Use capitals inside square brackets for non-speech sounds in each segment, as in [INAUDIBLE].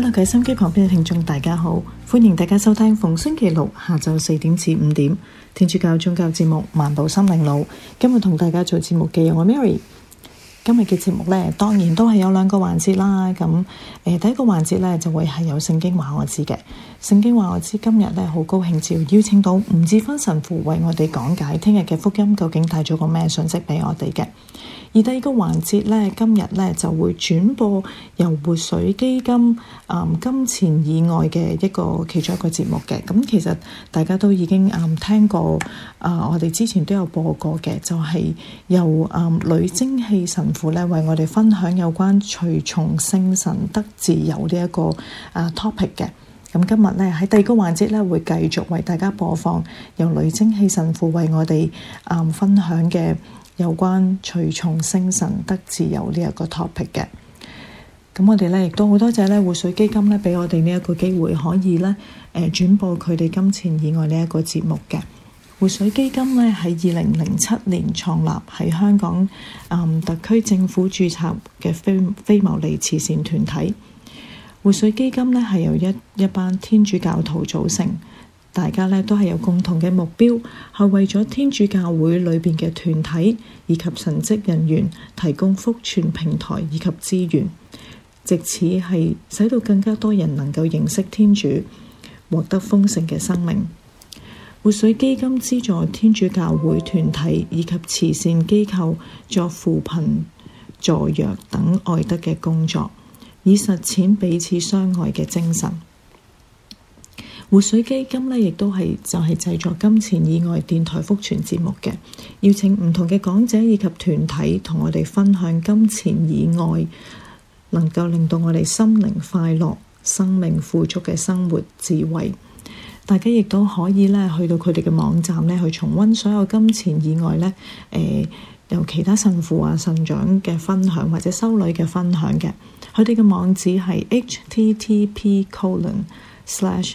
hello 心機聽心機旁邊嘅聽眾，大家好，歡迎大家收聽逢星期六下晝四點至五點天主教宗教節目漫步心靈路。今日同大家做節目嘅我 Mary，今日嘅節目呢，當然都係有兩個環節啦。咁誒、呃，第一個環節呢，就會係有聖經話我知嘅。聖經話我知今日呢，好高興召邀請到吳志芬神父為我哋講解聽日嘅福音究竟帶咗個咩信息俾我哋嘅。而第二個環節咧，今日咧就會轉播由活水基金、嗯、金錢以外嘅一個其中一個節目嘅。咁其實大家都已經啊、嗯、聽過啊，我哋之前都有播過嘅，就係、是、由啊、嗯、女蒸氣神父咧為我哋分享有關隨從聖神得自由、這個啊、呢一個啊 topic 嘅。咁今日咧，喺第二個環節咧會繼續為大家播放由女蒸氣神父為我哋啊、嗯、分享嘅。有關隨從星神得自由、這個、呢一個 topic 嘅，咁我哋咧亦都好多謝咧活水基金咧俾我哋呢一個機會可以咧誒轉播佢哋金錢以外呢一個節目嘅。活水基金咧喺二零零七年創立喺香港啊、嗯、特區政府註冊嘅非非牟利慈善團體。活水基金咧係由一一班天主教徒組成。大家呢都係有共同嘅目標，係為咗天主教會裏邊嘅團體以及神職人員提供福傳平台以及資源，藉此係使到更加多人能夠認識天主，獲得豐盛嘅生命。活水基金資助天主教會團體以及慈善機構作扶貧助弱等愛德嘅工作，以實踐彼此相愛嘅精神。活水基金呢，亦都係就係、是、製作金錢以外電台福傳節目嘅，邀請唔同嘅講者以及團體同我哋分享金錢以外能夠令到我哋心靈快樂、生命富足嘅生活智慧。大家亦都可以呢去到佢哋嘅網站呢，去重溫所有金錢以外呢誒、呃、由其他神父啊神長嘅分享或者修女嘅分享嘅，佢哋嘅網址係 h t t p colon slash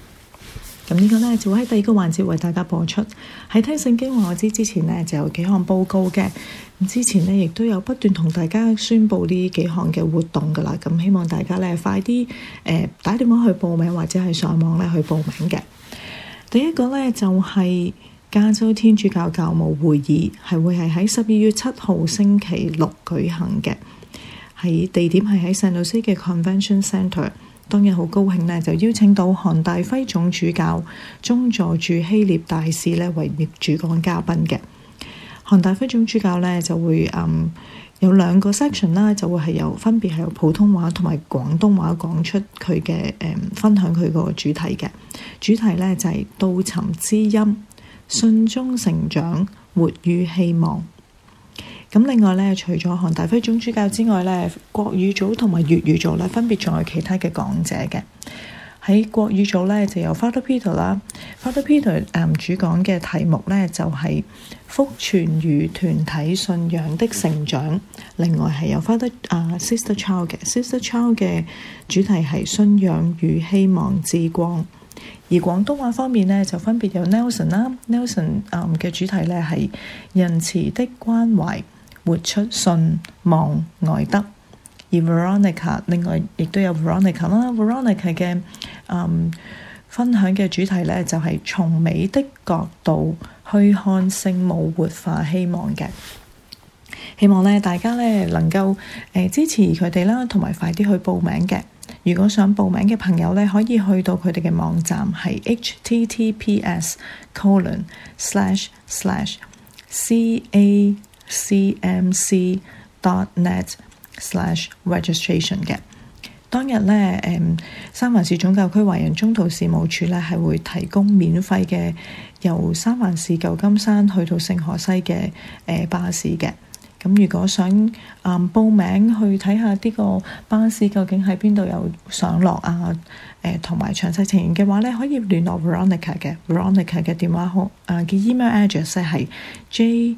咁呢個呢，就會喺第二個環節為大家播出。喺聽聖經話我知之前呢，就有幾項報告嘅。咁之前呢，亦都有不斷同大家宣布呢幾項嘅活動噶啦。咁希望大家呢，快啲誒打電話去報名或者係上網咧去報名嘅。第一個呢，就係加州天主教教務會議係會係喺十二月七號星期六舉行嘅。喺地點係喺聖老師嘅 Convention Centre。今日好高興呢，就邀請到韓大輝總主教、宗座駐希臘大使，呢為業主講嘉賓嘅。韓大輝總主教呢就會嗯有兩個 section 啦，就會係由、嗯、分別係由普通話同埋廣東話講出佢嘅誒分享佢個主題嘅主題呢，就係、是、道尋之音，信中成長，活於希望。咁另外咧，除咗韓大輝總主教之外咧，國語組同埋粵語組咧，分別仲有其他嘅講者嘅。喺國語組咧，就有 Father Peter 啦，Father Peter 誒、um, 主講嘅題目咧就係福傳與團體信仰的成長。另外係有 Father、uh, Sister Chao 嘅 Sister Chao 嘅主題係信仰與希望之光。而廣東話方面咧，就分別有 Nelson 啦，Nelson 嘅、um, 主題咧係仁慈的關懷。活出信望愛德，而 Veronica 另外亦都有 Veronica 啦。Veronica 嘅、嗯、分享嘅主題呢，就係、是、從美的角度去看聖母活化希望嘅。希望咧大家咧能夠誒、呃、支持佢哋啦，同埋快啲去報名嘅。如果想報名嘅朋友咧，可以去到佢哋嘅網站係 https colon slash slash ca c.m.c.dot.net/slash/registration 嘅當日咧，誒、嗯、三藩市總教區華人中途事務處咧係會提供免費嘅由三藩市舊金山去到聖荷西嘅、呃、巴士嘅。咁如果想啊、嗯、報名去睇下呢個巴士究竟喺邊度有上落啊？誒同埋詳細情形嘅話咧，可以聯絡 Veronica 嘅、嗯、Veronica 嘅電話號啊嘅、呃、email address 係 J。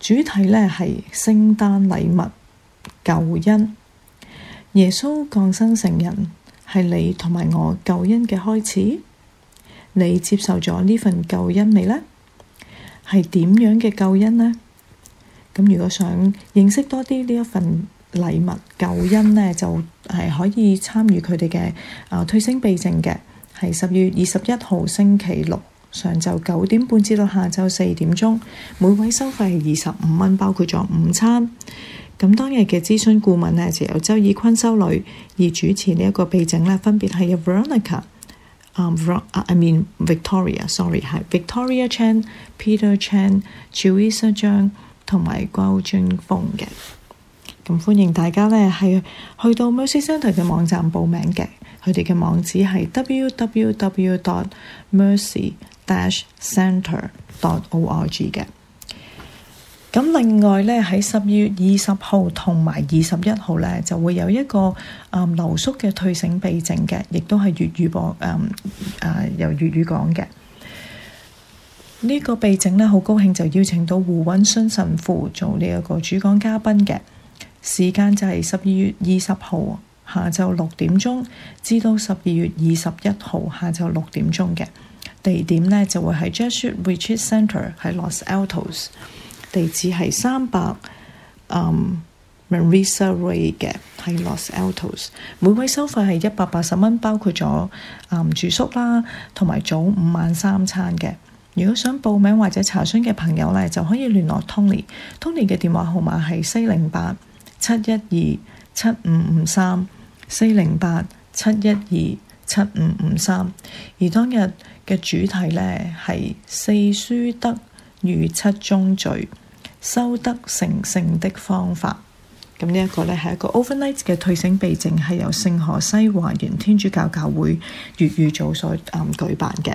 主題呢係聖誕禮物、救恩、耶穌降生成人，係你同埋我救恩嘅開始。你接受咗呢份救恩未呢？係點樣嘅救恩呢？咁如果想認識多啲呢一份禮物、救恩呢，就係可以參與佢哋嘅啊退省備證嘅，係十月二十一號星期六，上晝九點半至到下晝四點鐘，每位收費二十五蚊，包括咗午餐。咁當日嘅諮詢顧問呢，就由周以坤修女而主持呢一個秘證呢，分別係 Veronica 啊，啊 I mean Victoria，sorry 係 Victoria Chan、Peter Chan、Chuise Zhang 同埋郭俊峰嘅。咁歡迎大家呢係去到 Mercy Centre 嘅網站報名嘅，佢哋嘅網址係 www.mercy。Dash Center. o i g 嘅。咁另外呢，喺十二月二十號同埋二十一號呢，就會有一個啊、嗯、留宿嘅退省避靜嘅，亦都係粵語播，嗯啊由粵語講嘅。呢、這個避靜呢，好高興就邀請到胡允信神父做呢一個主講嘉賓嘅。時間就係十二月二十號下晝六點鐘，至到十二月二十一號下晝六點鐘嘅。地點呢就會係 Jesuit Retreat Center 喺 Los Altos，地址係三百 Marisa Ray 嘅喺 Los Altos，每位收費係一百八十蚊，包括咗、嗯、住宿啦，同埋早午晚三餐嘅。如果想報名或者查詢嘅朋友呢，就可以聯絡 Tony，Tony 嘅 Tony 電話號碼係四零八七一二七五五三四零八七一二。七五五三，而當日嘅主題呢，係四樞德與七宗罪，修德成聖的方法。咁呢一個呢，係一個 overnight 嘅退省避靜，係由聖荷西華源天主教教會粵語組所舉辦嘅。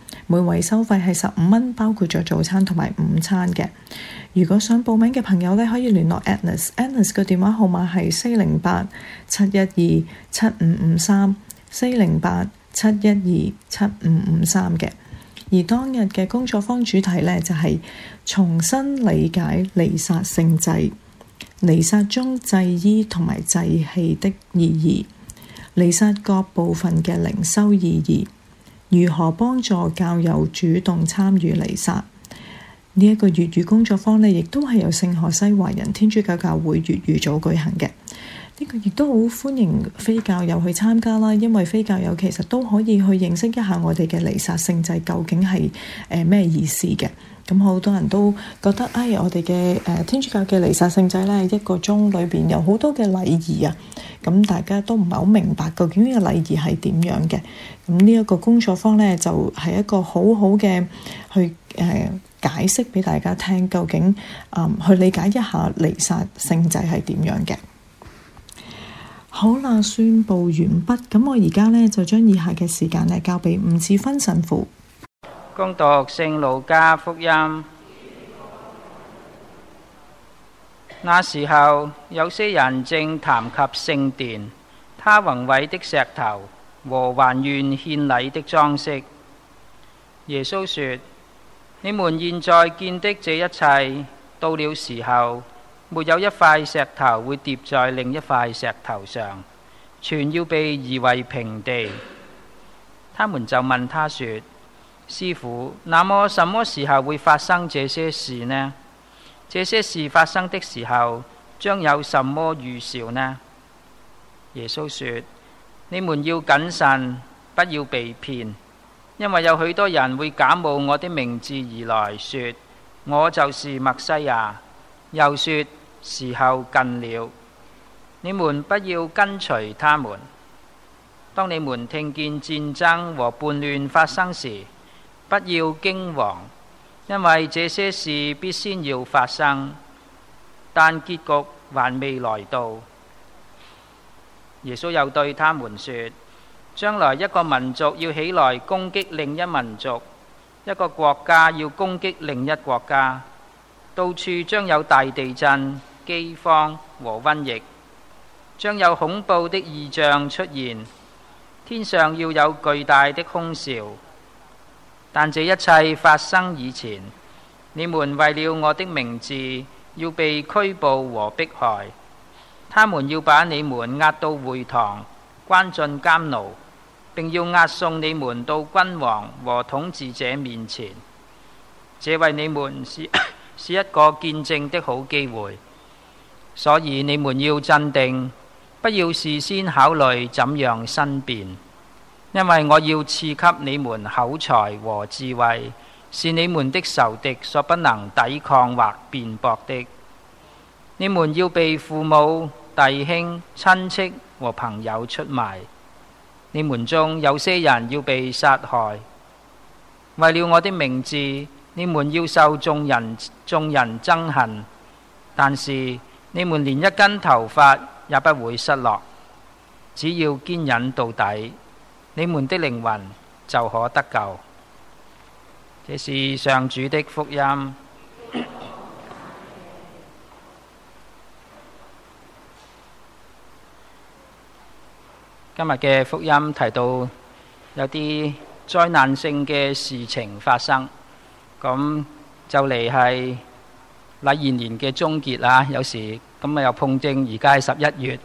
每位收費係十五蚊，包括咗早餐同埋午餐嘅。如果想報名嘅朋友咧，可以聯絡 Anus，Anus 嘅電話號碼係四零八七一二七五五三四零八七一二七五五三嘅。而當日嘅工作坊主題咧就係重新理解彌撒聖祭、彌撒中祭衣同埋祭器的意義、彌撒各部分嘅靈修意義。如何幫助教友主動參與彌撒？呢、這、一個粵語工作坊呢，亦都係由聖荷西華人天主教教會粵語組舉行嘅。呢、這個亦都好歡迎非教友去參加啦，因為非教友其實都可以去認識一下我哋嘅彌撒聖祭究竟係誒咩意思嘅。咁好多人都覺得，哎，我哋嘅誒天主教嘅彌撒聖祭呢，一個鐘裏邊有好多嘅禮儀啊！咁大家都唔係好明白，究竟呢個禮儀係點樣嘅？咁呢一個工作坊呢，就係、是、一個好好嘅去誒、呃、解釋俾大家聽，究竟、呃、去理解一下彌撒聖祭係點樣嘅。好啦，宣佈完畢，咁我而家呢，就將以下嘅時間咧交俾吳志芬神父。恭讀聖路加福音。那時候，有些人正談及聖殿，他宏偉的石頭和還願獻禮的裝飾。耶穌說：你們現在見的這一切，到了時候，沒有一塊石頭會疊在另一塊石頭上，全要被夷為平地。他們就問他說。師傅，那麼什麼時候會發生這些事呢？這些事發生的時候，將有什麼預兆呢？耶穌說，你們要謹慎，不要被騙，因為有許多人會假冒我的名字而來說：“我就是麥西亞。”又說，時候近了。你們不要跟隨他們。當你們聽見戰爭和叛亂發生時……不要驚惶，因為這些事必先要發生，但結局還未來到。耶穌又對他們說：將來一個民族要起來攻擊另一民族，一個國家要攻擊另一國家，到處將有大地震、饑荒和瘟疫，將有恐怖的異象出現，天上要有巨大的凶兆。但這一切發生以前，你們為了我的名字要被拘捕和迫害，他們要把你們押到會堂，關進監牢，並要押送你們到君王和統治者面前。這為你們是是一個見證的好機會，所以你們要鎮定，不要事先考慮怎樣申辯。因為我要賜給你們口才和智慧，是你們的仇敵所不能抵抗或辯駁的。你們要被父母、弟兄、親戚和朋友出賣，你們中有些人要被殺害。為了我的名字，你們要受眾人眾人憎恨。但是你們連一根頭髮也不會失落，只要堅忍到底。你們的靈魂就可得救，這是上主的福音。今日嘅福音提到有啲災難性嘅事情發生，咁就嚟係禮儀年嘅終結啦。有時咁啊，又碰正而家係十一月。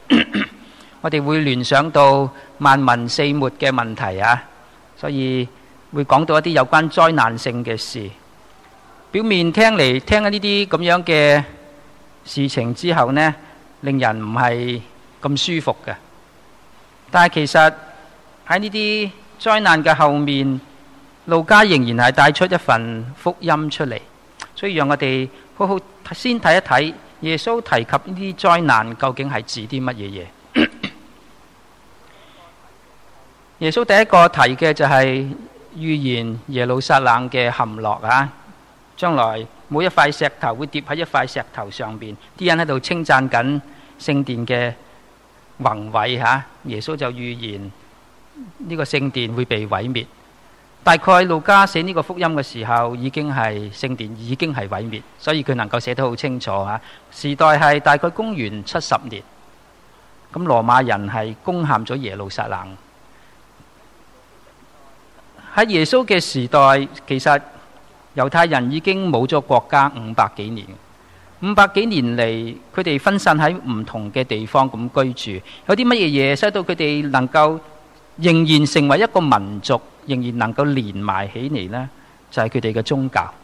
我哋會聯想到萬民四滅嘅問題啊，所以會講到一啲有關災難性嘅事。表面聽嚟聽緊呢啲咁樣嘅事情之後呢，令人唔係咁舒服嘅。但係其實喺呢啲災難嘅後面，路加仍然係帶出一份福音出嚟，所以讓我哋好好先睇一睇耶穌提及呢啲災難究竟係指啲乜嘢嘢。耶穌第一個提嘅，就係預言耶路撒冷嘅陷落啊！將來每一塊石頭會跌喺一塊石頭上邊，啲人喺度稱讚緊聖殿嘅宏偉吓、啊，耶穌就預言呢個聖殿會被毀滅。大概路加寫呢個福音嘅時候，已經係聖殿已經係毀滅，所以佢能夠寫得好清楚啊！時代係大概公元七十年，咁羅馬人係攻陷咗耶路撒冷。喺耶穌嘅時代，其實猶太人已經冇咗國家五百幾年。五百幾年嚟，佢哋分散喺唔同嘅地方咁居住，有啲乜嘢嘢使到佢哋能夠仍然成為一個民族，仍然能夠連埋起嚟呢？就係佢哋嘅宗教。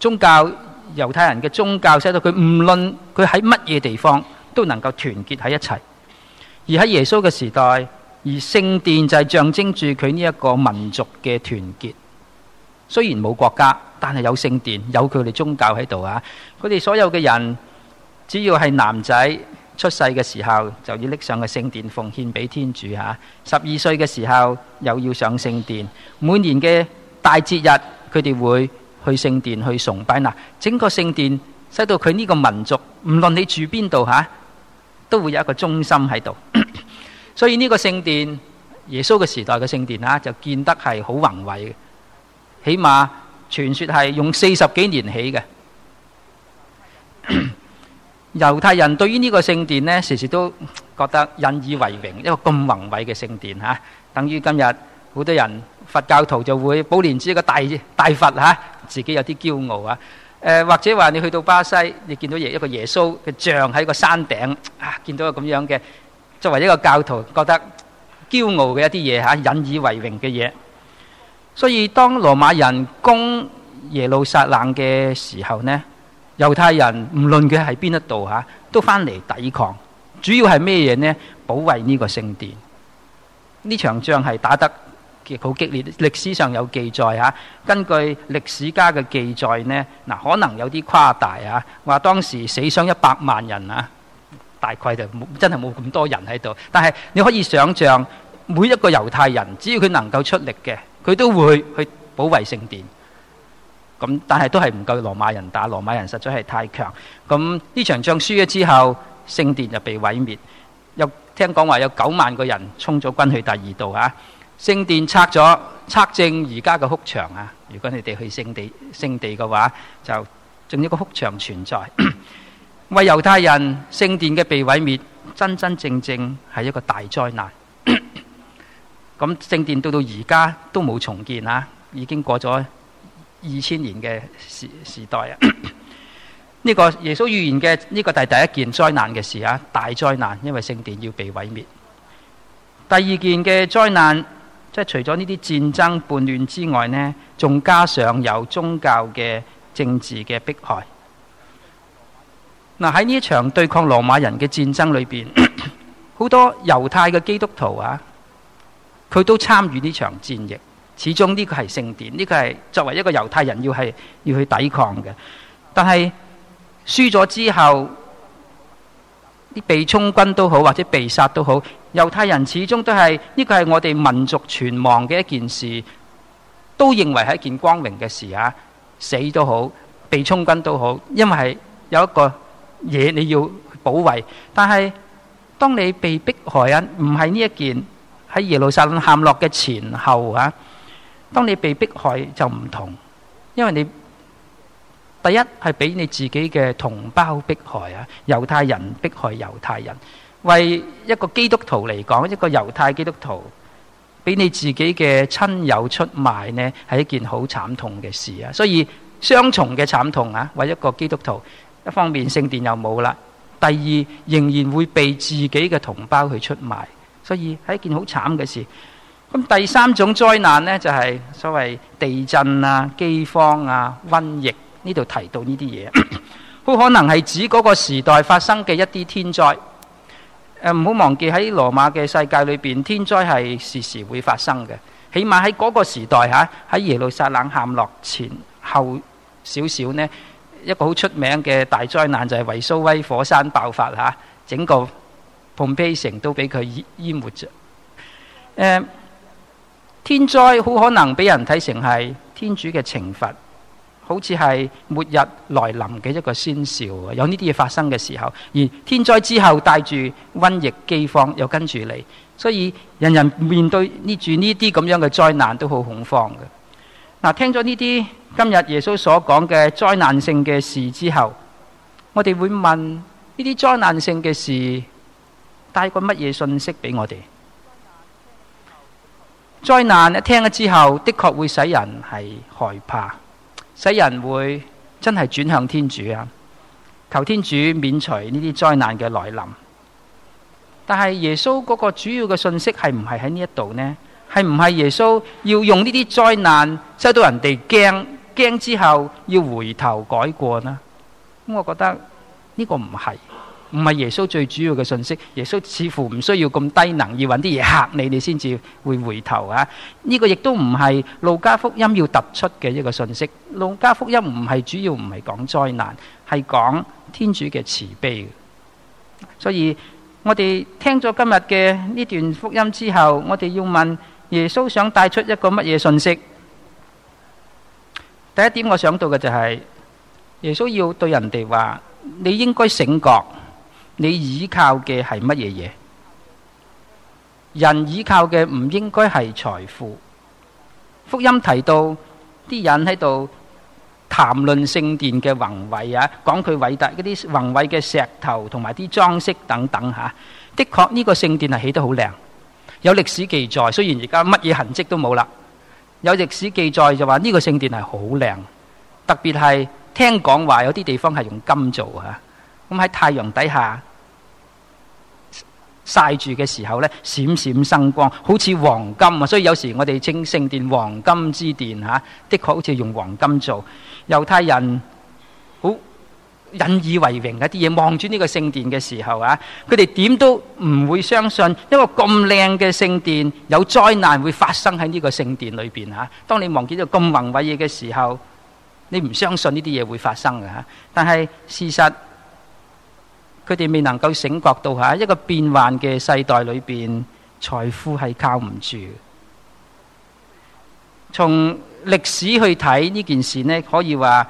宗教，猶太人嘅宗教使佢，使到佢唔論佢喺乜嘢地方都能夠團結喺一齊。而喺耶穌嘅時代，而聖殿就係象徵住佢呢一個民族嘅團結，雖然冇國家，但係有聖殿，有佢哋宗教喺度啊！佢哋所有嘅人，只要係男仔出世嘅時候，就要拎上個聖殿奉獻俾天主嚇。十二歲嘅時候，又要上聖殿。每年嘅大節日，佢哋會去聖殿去崇拜嗱。整個聖殿使到佢呢個民族，唔論你住邊度嚇，都會有一個中心喺度。所以呢個聖殿，耶穌嘅時代嘅聖殿啦，就見得係好宏偉，起碼傳說係用四十幾年起嘅。猶 [COUGHS] 太人對於呢個聖殿呢，時時都覺得引以為榮，一個咁宏偉嘅聖殿嚇、啊。等於今日好多人佛教徒就會寶蓮寺一個大大佛嚇、啊，自己有啲驕傲啊。誒、呃、或者話你去到巴西，你見到耶一個耶穌嘅像喺個山頂啊，見到一個咁樣嘅。作為一個教徒，覺得驕傲嘅一啲嘢吓，引以為榮嘅嘢。所以當羅馬人攻耶路撒冷嘅時候呢，猶太人唔論佢喺邊一度吓，都翻嚟抵抗。主要係咩嘢呢？保衛呢個聖殿。呢場仗係打得好激烈，歷史上有記載吓。根據歷史家嘅記載呢，嗱可能有啲誇大吓，話當時死傷一百萬人啊。大概就真係冇咁多人喺度。但係你可以想象，每一個猶太人，只要佢能夠出力嘅，佢都會去保衛聖殿。咁但係都係唔夠羅馬人打，羅馬人實在係太強。咁呢場仗輸咗之後，聖殿就被毀滅。有聽講話有九萬個人沖咗軍去第二度啊！聖殿拆咗，拆正而家嘅哭牆啊！如果你哋去聖地，聖地嘅話，就仲有一個哭牆存在。 [COUGHS] 為猶太人聖殿嘅被毀滅，真真正正係一個大災難。咁聖 [COUGHS] 殿到到而家都冇重建啊，已經過咗二千年嘅時時代啊。呢、 [COUGHS] 這個耶穌預言嘅呢個係第一件災難嘅事啊，大災難，因為聖殿要被毀滅。第二件嘅災難，即係除咗呢啲戰爭叛亂之外呢，仲加上有宗教嘅政治嘅迫害。嗱，喺呢一場對抗羅馬人嘅戰爭裏邊，好多猶太嘅基督徒啊，佢都參與呢場戰役。始終呢個係聖典，呢個係作為一個猶太人要係要去抵抗嘅。但係輸咗之後，被充軍都好，或者被殺都好，猶太人始終都係呢個係我哋民族存亡嘅一件事，都認為係一件光榮嘅事啊！死都好，被充軍都好，因為係有一個。嘢，你要保衛，但係當你被迫害啊，唔係呢一件喺耶路撒冷陷落嘅前後啊。當你被迫害就唔同，因為你第一係俾你自己嘅同胞迫害啊，猶太人迫害猶太人，為一個基督徒嚟講，一個猶太基督徒俾你自己嘅親友出賣呢，係一件好慘痛嘅事啊。所以雙重嘅慘痛啊，為一個基督徒。一方面聖殿又冇啦，第二仍然會被自己嘅同胞去出賣，所以係一件好慘嘅事。咁第三種災難呢，就係所謂地震啊、饑荒啊、瘟疫，呢度提到呢啲嘢，好可能係指嗰個時代發生嘅一啲天災。呃，唔好忘記喺羅馬嘅世界裏邊，天災係時時會發生嘅。起碼喺嗰個時代嚇，喺耶路撒冷陷落前後少少呢。一個好出名嘅大災難就係維蘇威火山爆發吓，整個龐貝城都俾佢淹淹沒咗、嗯。天災好可能俾人睇成係天主嘅懲罰，好似係末日來臨嘅一個先兆。有呢啲嘢發生嘅時候，而天災之後帶住瘟疫飢荒又跟住嚟。所以人人面對呢住呢啲咁樣嘅災難都好恐慌嘅。嗱、啊，聽咗呢啲。今日耶穌所講嘅災難性嘅事之後，我哋會問呢啲災難性嘅事帶過乜嘢信息俾我哋？災難一聽咗之後，的確會使人係害怕，使人會真係轉向天主啊，求天主免除呢啲災難嘅來臨。但係耶穌嗰個主要嘅信息係唔係喺呢一度呢？係唔係耶穌要用呢啲災難，使到人哋驚？驚之後要回頭改過呢，我覺得呢個唔係，唔係耶穌最主要嘅信息。耶穌似乎唔需要咁低能，要搵啲嘢嚇你，你先至會回頭啊！呢個亦都唔係路加福音要突出嘅一個信息。路加福音唔係主要唔係講災難，係講天主嘅慈悲的。所以我哋聽咗今日嘅呢段福音之後，我哋要問耶穌想帶出一個乜嘢信息？第一點我想到嘅就係耶穌要對人哋話：你應該醒覺，你倚靠嘅係乜嘢嘢？人倚靠嘅唔應該係財富。福音提到啲人喺度談論聖殿嘅宏偉啊，講佢偉大嗰啲宏偉嘅石頭同埋啲裝飾等等嚇、啊。的確呢個聖殿係起得好靚，有歷史記載，雖然而家乜嘢痕跡都冇啦。有歷史記載就話呢個聖殿係好靚，特別係聽講話有啲地方係用金做嚇，咁喺太陽底下曬住嘅時候呢，閃閃生光，好似黃金啊！所以有時我哋稱聖殿黃金之殿嚇、啊，的確好似用黃金做猶太人，引以為榮一啲嘢，望住呢個聖殿嘅時候啊，佢哋點都唔會相信，一個咁靚嘅聖殿有災難會發生喺呢個聖殿裏邊啊！當你望見咗咁宏偉嘢嘅時候，你唔相信呢啲嘢會發生嘅吓。但係事實，佢哋未能夠醒覺到吓，一個變幻嘅世代裏邊，財富係靠唔住。從歷史去睇呢件事呢，可以話。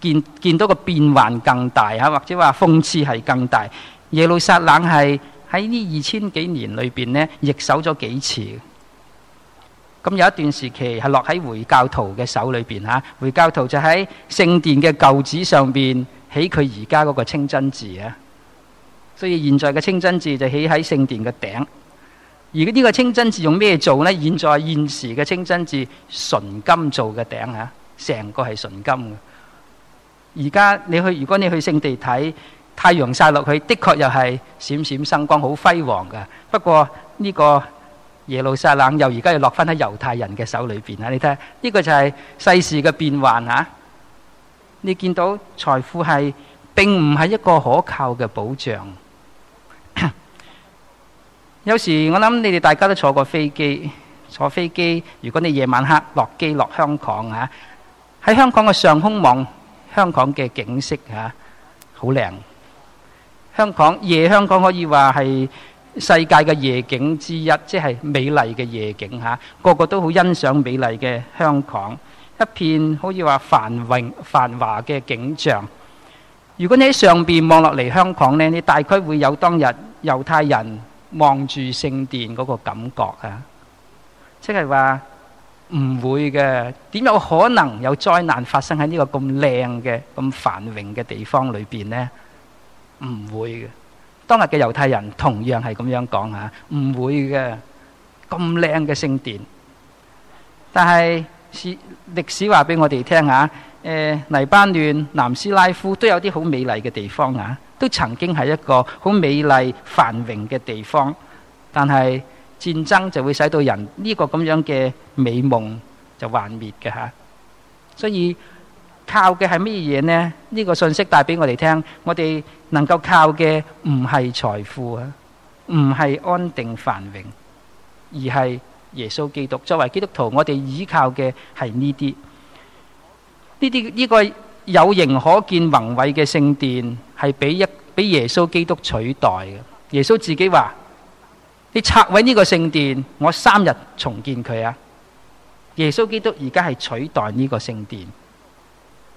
見，見到個變幻更大或者話諷刺係更大。耶路撒冷係喺呢二千幾年裏面呢，易手咗幾次。咁有一段時期係落喺回教徒嘅手裏面。回教徒就喺聖殿嘅舊址上面起佢而家嗰個清真寺啊。所以現在嘅清真寺就起喺聖殿嘅頂。而呢個清真寺用咩做呢？現在現時嘅清真寺純金做嘅頂嚇，成個係純金嘅。而家你去，如果你去聖地睇，太陽曬落去，的確又係閃閃生光，好輝煌嘅。不過呢個耶路撒冷又而家又落翻喺猶太人嘅手裏邊啦。你睇下，呢個就係世事嘅變幻啊！你見到財富係並唔係一個可靠嘅保障。 [COUGHS] 有時我諗，你哋大家都坐過飛機，坐飛機。如果你夜晚黑落機落香港啊，喺香港嘅上空望。香港嘅景色吓好靚。香港夜，香港可以話係世界嘅夜景之一，即係美麗嘅夜景吓、啊、個個都好欣賞美麗嘅香港，一片可以話繁榮繁華嘅景象。如果你喺上邊望落嚟香港咧，你大概會有當日猶太人望住聖殿嗰個感覺啊！即係話。唔會嘅，點有可能有災難發生喺呢個咁靚嘅、咁繁榮嘅地方裏邊咧？唔會嘅。當日嘅猶太人同樣係咁樣講吓，唔會嘅。咁靚嘅聖殿，但係史歷史話俾我哋聽吓，誒，黎巴嫩、南斯拉夫都有啲好美麗嘅地方啊，都曾經係一個好美麗繁榮嘅地方，但係。戰爭就會使到人呢個咁樣嘅美夢就幻滅嘅吓，所以靠嘅係乜嘢呢？呢個信息帶俾我哋聽，我哋能夠靠嘅唔係財富啊，唔係安定繁榮，而係耶穌基督。作為基督徒，我哋依靠嘅係呢啲，呢啲呢個有形可見宏偉嘅聖殿係俾一俾耶穌基督取代嘅。耶穌自己話。你拆毀呢個聖殿，我三日重建佢啊！耶穌基督而家係取代呢個聖殿，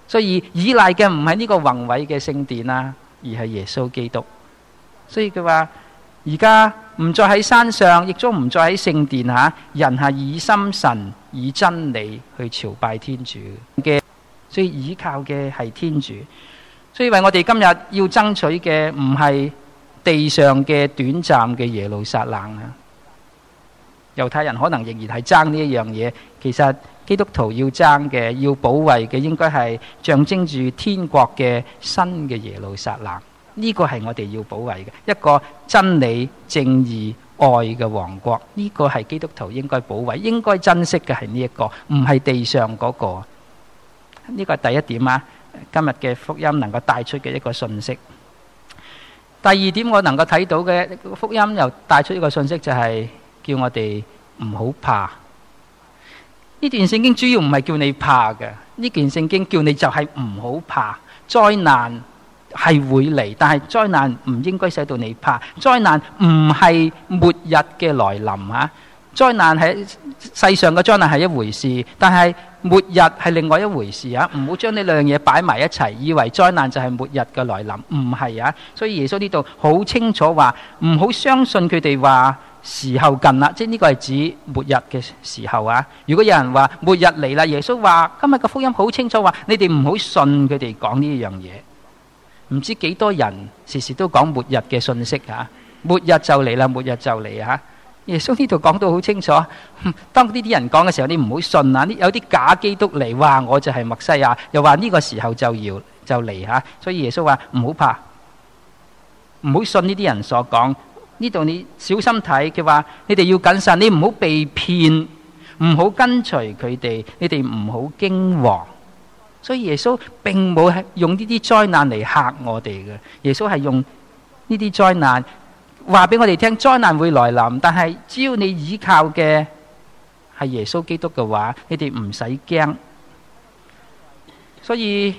所以依賴嘅唔係呢個宏偉嘅聖殿啦，而係耶穌基督。所以佢話而家唔再喺山上，亦都唔再喺聖殿吓。人係以心神以真理去朝拜天主嘅，所以倚靠嘅係天主。所以為我哋今日要爭取嘅唔係。地上嘅短暫嘅耶路撒冷啊，猶太人可能仍然係爭呢一樣嘢。其實基督徒要爭嘅，要保衛嘅，應該係象徵住天國嘅新嘅耶路撒冷。呢個係我哋要保衛嘅一個真理、正義、愛嘅王國。呢個係基督徒應該保衛、應該珍惜嘅係呢一個，唔係地上嗰個。呢個係第一點啊！今日嘅福音能夠帶出嘅一個信息。第二點我能夠睇到嘅福音又帶出一個信息，就係叫我哋唔好怕。呢段聖經主要唔係叫你怕嘅，呢段聖經叫你就係唔好怕。災難係會嚟，但係災難唔應該使到你怕。災難唔係末日嘅來臨啊！災難係世上嘅災難係一回事，但係末日係另外一回事啊！唔好將呢兩樣嘢擺埋一齊，以為災難就係末日嘅來臨，唔係啊！所以耶穌呢度好清楚話，唔好相信佢哋話時候近啦，即係呢個係指末日嘅時候啊！如果有人話末日嚟啦，耶穌話今日嘅福音好清楚話，你哋唔好信佢哋講呢樣嘢。唔知幾多人時時都講末日嘅信息啊！末日就嚟啦，末日就嚟啊！耶穌呢度講到好清楚，當呢啲人講嘅時候，你唔好信啊！有啲假基督嚟，話我就係墨西亞，又話呢個時候就要就嚟吓，所以耶穌話唔好怕，唔好信呢啲人所講。呢度你小心睇，佢話你哋要謹慎，你唔好被騙，唔好跟隨佢哋，你哋唔好驚惶。所以耶穌並冇係用呢啲災難嚟吓我哋嘅，耶穌係用呢啲災難。話俾我哋聽，災難會來臨，但係只要你依靠嘅係耶穌基督嘅話，你哋唔使驚。所以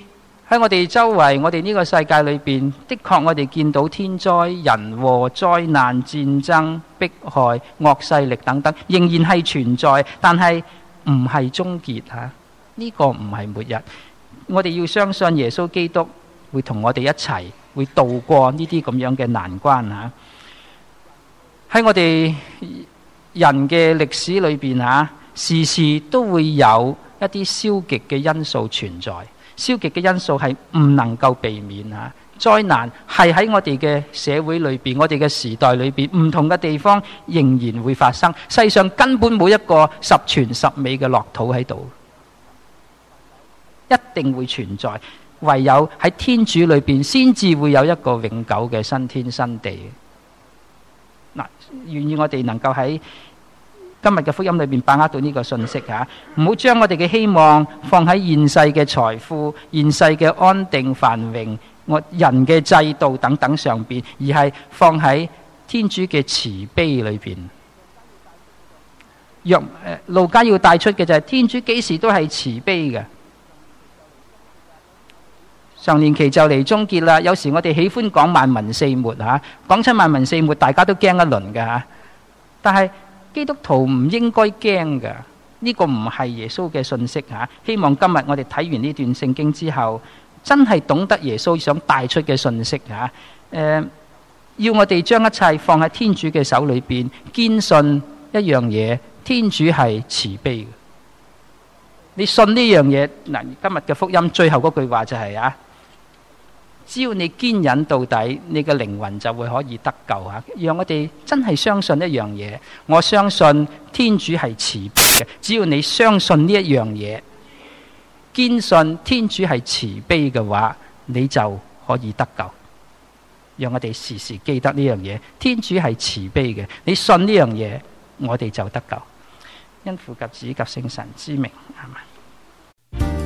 喺我哋周圍，我哋呢個世界裏邊，的確我哋見到天災、人禍、災難、戰爭、迫害、惡勢力等等，仍然係存在，但係唔係終結吓。呢、啊，這個唔係末日。我哋要相信耶穌基督會同我哋一齊會度過呢啲咁樣嘅難關吓。啊喺我哋人嘅歷史裏邊啊，時時都會有一啲消極嘅因素存在。消極嘅因素係唔能夠避免啊！災難係喺我哋嘅社會裏邊，我哋嘅時代裏邊，唔同嘅地方仍然會發生。世上根本冇一個十全十美嘅樂土喺度，一定會存在。唯有喺天主裏邊，先至會有一個永久嘅新天新地。嗱，願意我哋能夠喺今日嘅福音裏面把握到呢個信息嚇，唔好將我哋嘅希望放喺現世嘅財富、現世嘅安定繁榮、我人嘅制度等等上面，而係放喺天主嘅慈悲裏面。若、呃、路加要帶出嘅就係、是、天主幾時都係慈悲嘅。上年期就嚟終結啦，有時我哋喜歡講萬民四末，吓、啊，講出萬民四末大家都驚一輪㗎。吓、啊。但係基督徒唔應該驚㗎。呢、這個唔係耶穌嘅信息吓、啊。希望今日我哋睇完呢段聖經之後，真係懂得耶穌想帶出嘅信息吓。誒、啊呃，要我哋將一切放喺天主嘅手裏邊，堅信一樣嘢，天主係慈悲嘅。你信呢樣嘢嗱，今日嘅福音最後嗰句話就係、是、啊。只要你堅忍到底，你嘅靈魂就會可以得救吓。讓我哋真係相信一樣嘢，我相信天主係慈悲嘅。只要你相信呢一樣嘢，堅信天主係慈悲嘅話，你就可以得救。讓我哋時時記得呢樣嘢，天主係慈悲嘅。你信呢樣嘢，我哋就得救。因父及子及聖神之名，係咪？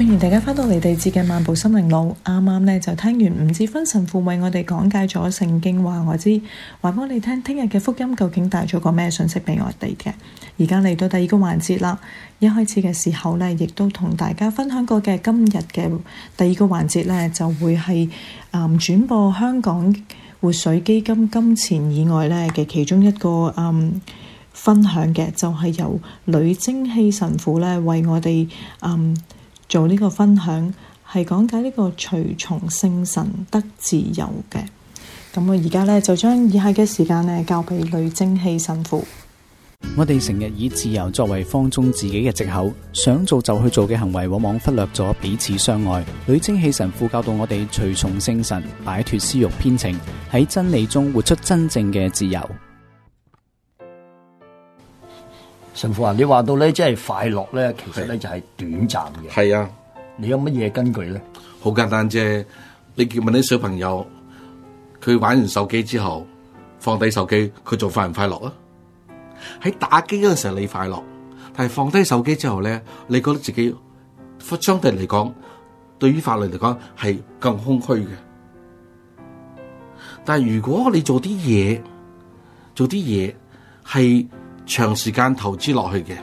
歡迎大家翻到嚟地字嘅漫步森林路，啱啱咧，就聽完吳志芬神父為我哋講解咗聖經話我知，話俾你哋聽，聽日嘅福音究竟帶咗個咩信息俾我哋嘅。而家嚟到第二個環節啦，一開始嘅時候咧，亦都同大家分享過嘅，今日嘅第二個環節咧，就會係嗯轉播香港活水基金金錢以外咧嘅其中一個嗯分享嘅，就係、是、由女蒸氣神父咧為我哋嗯。做呢個分享係講解呢個隨從聖神得自由嘅。咁我而家呢，就將以下嘅時間呢交俾女精氣神父。我哋成日以自由作為放縱自己嘅借口，想做就去做嘅行為，往往忽略咗彼此相愛。女精氣神父教導我哋隨從聖神，擺脫私慾偏情，喺真理中活出真正嘅自由。神父啊，你話到咧，即係快樂咧，其實咧就係短暫嘅。係啊，你有乜嘢根據咧？好簡單啫，你叫問啲小朋友，佢玩完手機之後放低手機，佢仲快唔快樂啊？喺打機嗰陣時候你快樂，但係放低手機之後咧，你覺得自己相對嚟講，對於法律嚟講係更空虛嘅。但係如果你做啲嘢，做啲嘢係。長時間投資落去嘅，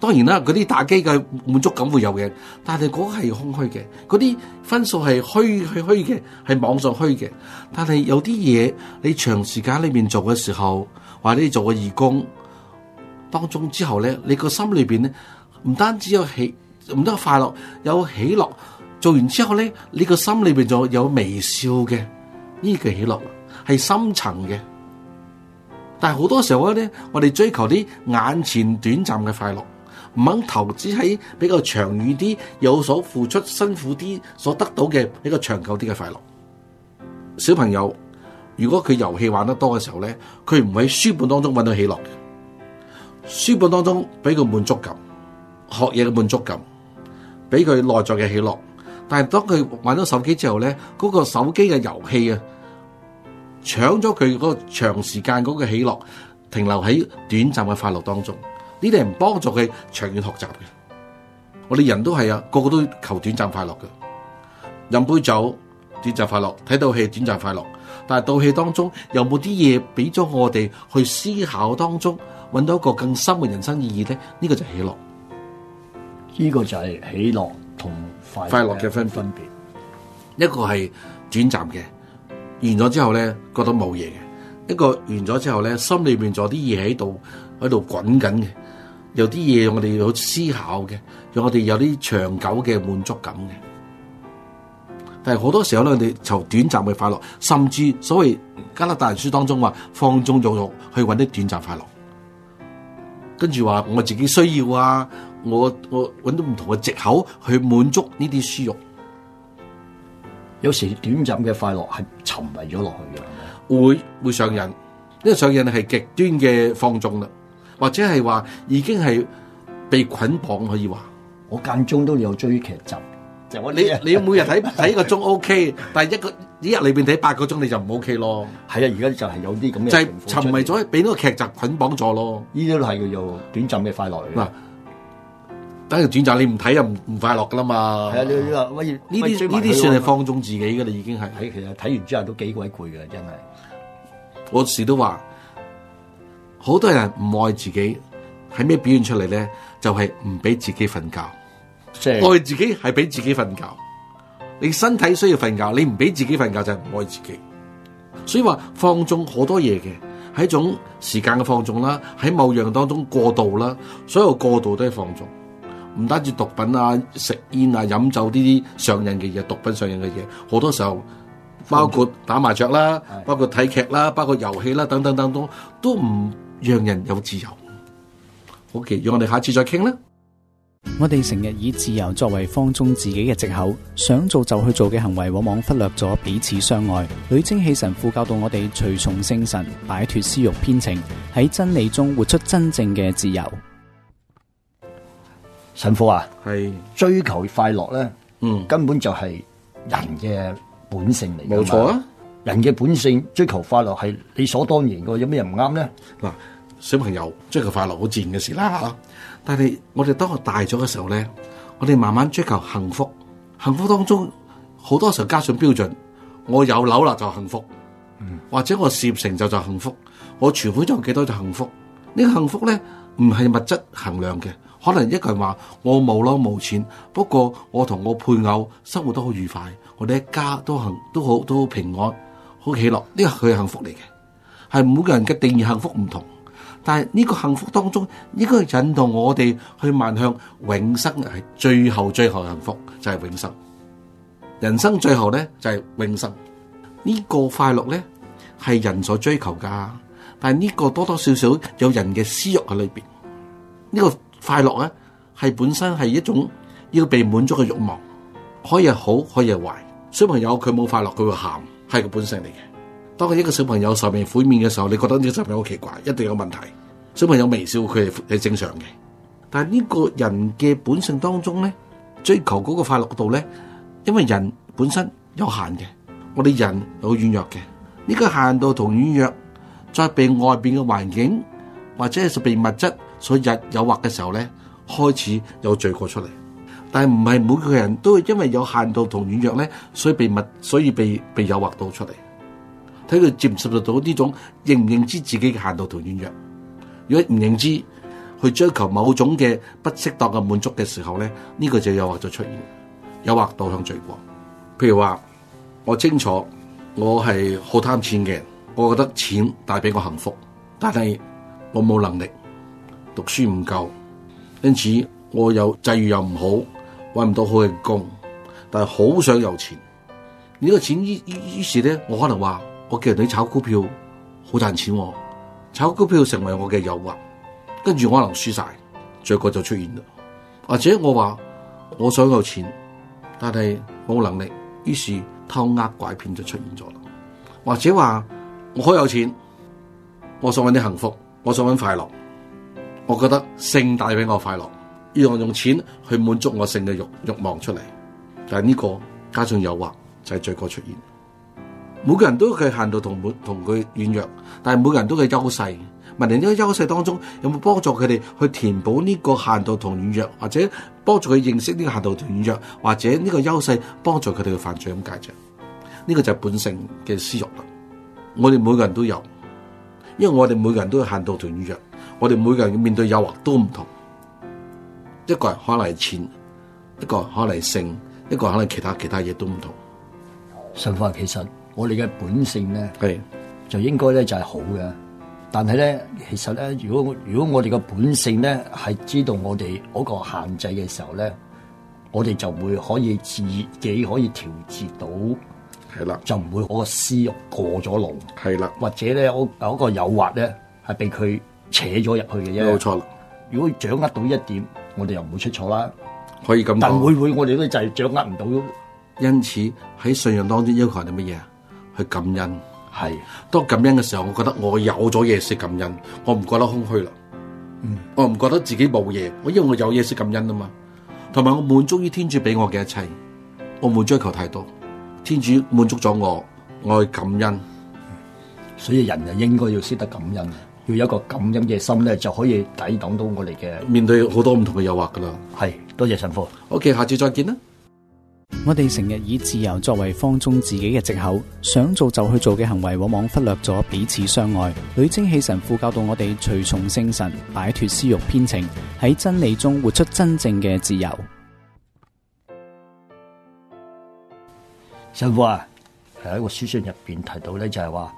當然啦，嗰啲打機嘅滿足感會有嘅，但係嗰個係空虛嘅，嗰啲分數係虛係虛嘅，係網上虛嘅。但係有啲嘢你長時間呢面做嘅時候，或者做個義工當中之後咧，你個心裏邊咧唔單止有喜，唔單止有快樂，有喜樂，做完之後咧，你個心裏邊仲有微笑嘅，呢個喜樂係深層嘅。但係好多時候咧，我哋追求啲眼前短暫嘅快樂，唔肯投資喺比較長遠啲、有所付出辛苦啲、所得到嘅比較長久啲嘅快樂。小朋友，如果佢遊戲玩得多嘅時候咧，佢唔喺書本當中搵到喜樂的。書本當中俾佢滿足感、學嘢嘅滿足感，俾佢內在嘅喜樂。但係當佢玩咗手機之後咧，嗰、那個手機嘅遊戲啊～搶咗佢個長時間嗰個喜樂，停留喺短暫嘅快樂當中，呢啲係唔幫助佢長遠學習嘅。我哋人都係啊，個個都求短暫快樂嘅，飲杯酒短暫快樂，睇到戲短暫快樂，但係到戲當中有冇啲嘢俾咗我哋去思考當中，揾到一個更深嘅人生意義咧，呢個就係喜樂。呢個就係喜樂同快樂嘅分分別，一個係短暫嘅。完咗之後咧，覺得冇嘢嘅。一個完咗之後咧，心裏邊仲有啲嘢喺度喺度滾緊嘅，有啲嘢我哋要思考嘅，讓我哋有啲長久嘅滿足感嘅。但係好多時候咧，我哋求短暫嘅快樂，甚至所謂《加拉太人書》當中話放縱肉慾，肉，去搵啲短暫快樂，跟住話我自己需要啊，我我揾到唔同嘅藉口去滿足呢啲肉慾。有時短暫嘅快樂係沉迷咗落去嘅，會會上癮，呢個上癮係極端嘅放縱啦，或者係話已經係被捆綁可以話，我間中都有追劇集，你你每日睇睇一個鐘 O K，但係一個一日裏邊睇八個鐘你就唔 O K 咯，係啊，而家就係有啲咁，就係沉迷咗俾呢個劇集捆綁咗咯，呢啲都係叫做短暫嘅快樂嚟。 [LAUGHS] 等完轉站，你唔睇又唔唔快樂噶啦嘛。係啊，你你話乜嘢？呢啲呢啲算係放縱自己噶啦，已經係喺其實睇完之後都幾鬼攰㗎，真係。我時都話，好多人唔愛自己，係咩表現出嚟咧？就係唔俾自己瞓覺。愛自己係俾自己瞓覺。你身體需要瞓覺，你唔俾自己瞓覺就係唔愛自己。所以話放縱好多嘢嘅係一種時間嘅放縱啦，喺某樣當中過度啦，所有過度都係放縱。唔單止毒品啊、食煙啊、飲酒呢啲上癮嘅嘢，毒品上癮嘅嘢，好多時候包括打麻雀啦，啦、包括睇劇啦、包括遊戲啦等等等等，都唔讓人有自由。好、okay, k 讓我哋下次再傾啦、嗯。我哋成日以自由作為放縱自己嘅借口，想做就去做嘅行為，往往忽略咗彼此相愛。女精氣神父教導我哋隨從聖神，擺脫私欲偏情，喺真理中活出真正嘅自由。神父啊，係追求快樂咧，嗯，根本就係人嘅本性嚟，冇錯啊！人嘅本性追求快樂係理所當然嘅，有咩唔啱咧？嗱，小朋友追求快樂好自然嘅事啦吓，嗯，但係我哋當我大咗嘅時候咧，我哋慢慢追求幸福，幸福當中好多時候加上標準，我有樓啦就幸福，嗯，或者我事業成就就幸福，我全部咗幾多就幸福，呢、呢個幸福咧唔係物質衡量嘅。可能一個人話我冇啦，冇錢，不過我同我配偶生活都好愉快，我哋一家都幸都好都好平安好喜樂，呢個佢係幸福嚟嘅，係每個人嘅定義幸福唔同，但係呢個幸福當中應該引導我哋去邁向永生，係最後最後幸福就係永生。人生最後咧就係永生，呢個快樂咧係人所追求㗎，但係呢個多多少少有人嘅私欲喺裏邊呢個。快樂咧係本身係一種要被滿足嘅欲望，可以係好，可以係壞。小朋友佢冇快樂佢會喊，係個本性嚟嘅。當一個小朋友受命苦面嘅時候，你覺得呢個小朋友好奇怪，一定有問題。小朋友微笑佢係係正常嘅，但係呢個人嘅本性當中咧，追求嗰個快樂度咧，因為人本身有限嘅，我哋人又好軟弱嘅，呢個限度同軟弱再被外邊嘅環境或者係被物質。所以日誘惑嘅時候咧，開始有罪過出嚟。但係唔係每個人都會因為有限度同軟弱咧，所以被密，所以被被誘惑到出嚟。睇佢接唔接受到呢種，認唔認知自己嘅限度同軟弱。如果唔認知，去追求某種嘅不適當嘅滿足嘅時候咧，呢個就誘惑就出現，誘惑導向罪過。譬如話，我清楚我係好貪錢嘅，我覺得錢帶俾我幸福，但係我冇能力。讀書唔夠，因此我有際遇又唔好，搵唔到好嘅工，但係好想有錢。呢、這個錢於於是咧，我可能話我叫人哋炒股票好賺錢。哦，炒股票成為我嘅誘惑。跟住我可能輸晒，最後就出現啦。或者我話我想有錢，但係我冇能力，於是偷呃拐騙就出現咗啦。或者話我好有錢，我想搵啲幸福，我想搵快樂。我覺得性帶俾我快樂，要我用錢去滿足我性嘅欲欲望出嚟，就係呢個加上誘惑就係、是、罪過出現。每個人都有佢限度同同佢軟弱，但係每個人都有優勢，問你呢個優勢當中有冇幫助佢哋去填補呢個限度同軟弱，或者幫助佢認識呢個限度同軟弱，或者呢個優勢幫助佢哋嘅犯罪咁解著？呢、這個就係本性嘅私欲啦！我哋每個人都有，因為我哋每個人都有限度同軟弱。我哋每個人面對誘惑都唔同，一個人可能係錢，一個人可能係性，一個可能係其他其他嘢都唔同。神父，其實我哋嘅本性咧，就應該咧就係好嘅。但係咧，其實咧，如果如果我哋嘅本性咧係知道我哋嗰個限制嘅時候咧，我哋就會可以自己可以調節到，就唔會嗰個私欲過咗龍，或者咧嗰個誘惑咧係被佢。扯咗入去嘅啫，冇錯。如果掌握到呢一點，我哋又唔會出錯啦。可以咁講，但會會我哋都就係掌握唔到。因此喺信仰當中要求你乜嘢啊？去感恩。係，當感恩嘅時候，我覺得我有咗嘢識感恩，我唔覺得空虛啦。嗯，我唔覺得自己冇嘢，我因為我有嘢識感恩啊嘛。同埋我滿足於天主俾我嘅一切，我唔追求太多。天主滿足咗我，我愛感恩。所以人就應該要識得感恩。要有一個感恩嘅心咧，就可以抵擋到我哋嘅面對好多唔同嘅誘惑噶啦。係多謝神父。OK，下次再見啦。我哋成日以自由作為放縱自己嘅借口，想做就去做嘅行為，往往忽略咗彼此相愛。女精氣神父教到我哋隨從聖神，擺脱私欲偏情，喺真理中活出真正嘅自由。神父啊，喺個書信入邊提到咧，就係話。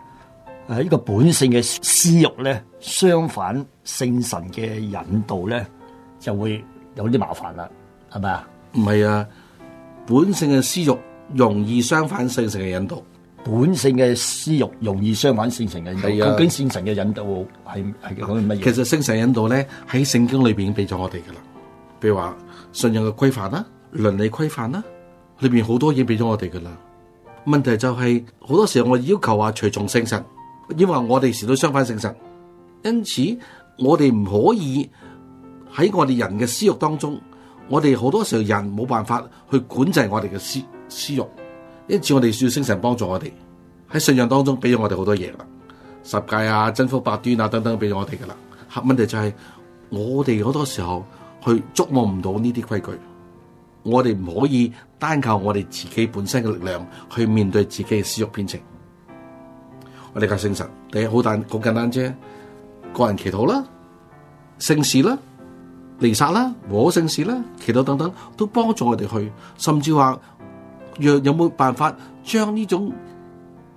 誒、這、呢個本性嘅私欲咧，相反聖神嘅引導咧，就會有啲麻煩啦，係咪啊？唔係啊，本性嘅私欲容易相反聖神嘅引導，本性嘅私欲容易相反聖神嘅引導啊。究竟聖神嘅引導係係講緊乜嘢？其實聖神引導咧喺聖經裏邊已經俾咗我哋噶啦，譬如話信仰嘅規範啦、倫理規範啦，裏邊好多嘢俾咗我哋噶啦。問題就係是，好多時候我要求話隨從聖神。因為我哋時都相反聖神，因此我哋唔可以喺我哋人嘅私欲當中，我哋好多時候人冇辦法去管制我哋嘅私私欲，因此我哋需要聖神幫助我哋。喺信仰當中俾咗我哋好多嘢啦，十戒啊、真福八端啊等等俾咗我哋噶啦，合問題就係我哋好多時候去捉摸唔到呢啲規矩，我哋唔可以單靠我哋自己本身嘅力量去面對自己嘅私欲偏情。呢個聖神，你好簡好簡單啫，個人祈禱啦，聖事啦，彌撒啦，和聖事啦，祈禱等等都幫助我哋去，甚至話若有冇辦法將呢種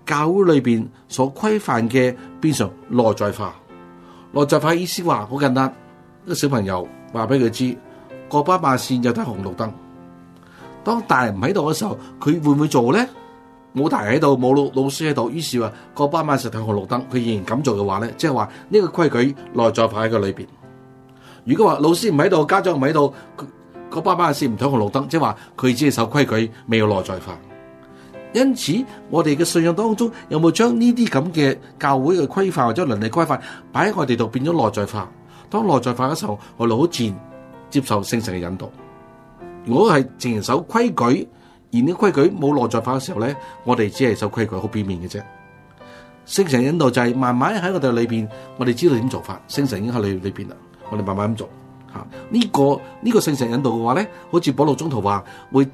教會裏邊所規範嘅變成內在化，內在化意思話，好簡單，一個小朋友話俾佢知過斑馬線就睇紅綠燈，當大人唔喺度嘅時候，佢會唔會做咧？冇大人喺度，冇老老師喺度，於是話個班班實睇紅綠燈，佢仍然噉做嘅話咧，即係話呢個規矩內在化喺個裏邊。如果話老師唔喺度，家長唔喺度，個班班啊事唔睇紅綠燈，即係話佢只係守規矩，未有內在化。因此我哋嘅信仰當中有冇將呢啲咁嘅教會嘅規範或者倫理規範擺喺我哋度變咗內在化？當內在化嘅時候，我哋好自然接受聖神嘅引導。如果係自然守規矩。而呢個規矩冇內在化嘅時候咧，我哋只係守規矩便便，好表面嘅啫。聖神引導就係慢慢喺我哋裏邊，我哋知道點做法。聖神已經喺你裏邊啦，我哋慢慢咁做嚇。呢、這個呢、這個聖神引導嘅話咧，好似保祿宗徒話會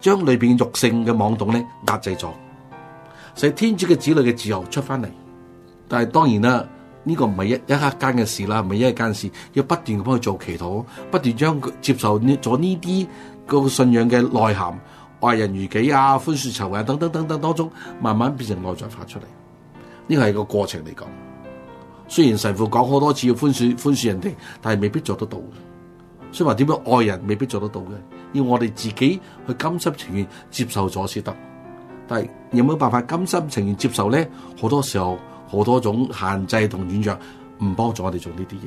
將裏邊肉性嘅妄動咧壓制咗，使天主嘅子女嘅自由出翻嚟。但係當然啦，呢、這個唔係一一刻間嘅事啦，唔係一間事，要不斷咁去做祈禱，不斷將接受呢做呢啲個信仰嘅內涵。愛人如己啊，寬恕仇人等等等等當中，慢慢變成內在發出嚟。呢個係個過程嚟講。雖然神父講好多次要寬恕寬恕人哋，但係未必做得到嘅。所以話點樣愛人未必做得到嘅，要我哋自己去甘心情願接受咗先得。但係有冇辦法甘心情願接受咧？好多時候好多種限制同軟弱，唔幫助我哋做呢啲嘢。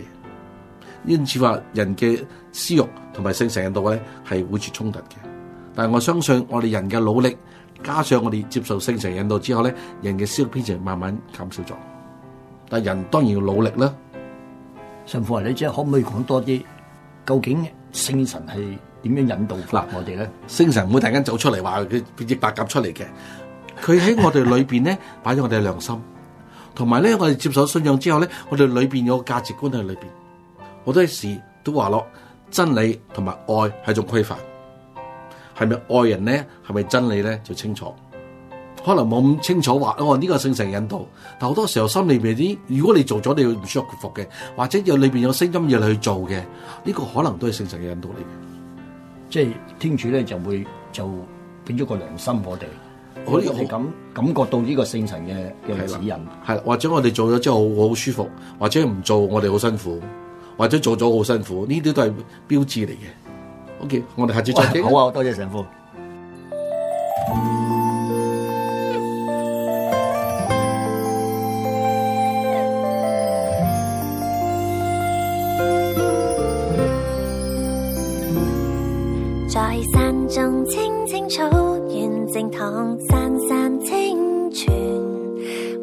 因此話，人嘅私欲同埋性成度咧，係會處衝突嘅。但係我相信我哋人嘅努力，加上我哋接受聖神的引導之後咧，人嘅消極偏見慢慢減少咗。但係人當然要努力啦。神父，你即係可唔可以講多啲，究竟聖神係點樣引導我們呢？嗱，我哋咧，聖神唔會突然間走出嚟話佢逆拔夾出嚟嘅，佢喺我哋裏邊咧，擺 [LAUGHS] 咗我哋嘅良心，同埋咧我哋接受信仰之後咧，我哋裏邊有個價值觀喺裏邊，好多時都話咯，真理同埋愛係一種規範。係咪愛人咧？係咪真理咧？就清楚，可能冇咁清楚話哦。呢個聖神引導，但好多時候心裏邊啲，如果你做咗，你會唔舒服嘅，或者有裏邊有聲音要你去做嘅，呢個可能都係聖神嘅引導嚟嘅。即係天主咧就會就變咗個良心我哋，我哋咁感覺到呢個聖神嘅嘅指引，係或者我哋做咗之後我好舒服，或者唔做我哋好辛苦，或者做咗好辛苦，呢啲都係標誌嚟嘅。O、okay, K，我哋下次再見。好啊，多謝神父。在山中青青草原，靜淌潺潺清泉。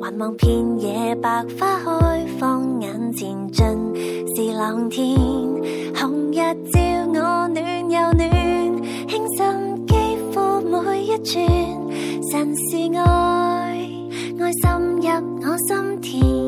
環望遍野白花開放，眼前盡是藍天。紅日照我暖又暖，輕滲肌膚每一寸，神是愛，愛滲入我心田。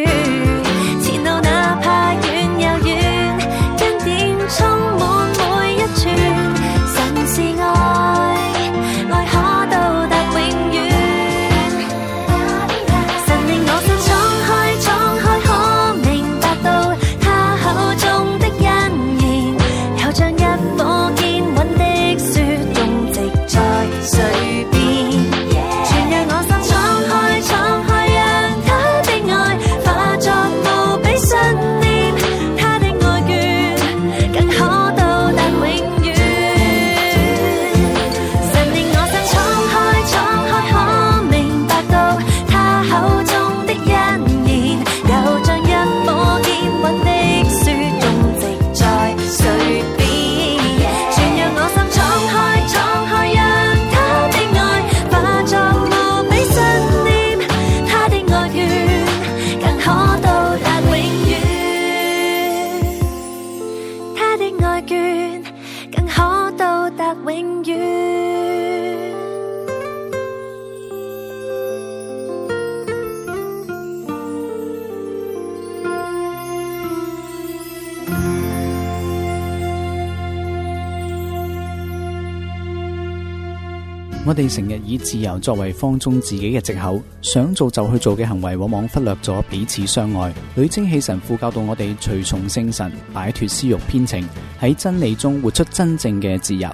成日以自由作為放縱自己嘅借口，想做就去做嘅行為，往往忽略咗彼此相愛。女精氣神父教到我哋隨從聖神，擺脫私欲偏情，喺真理中活出真正嘅自由。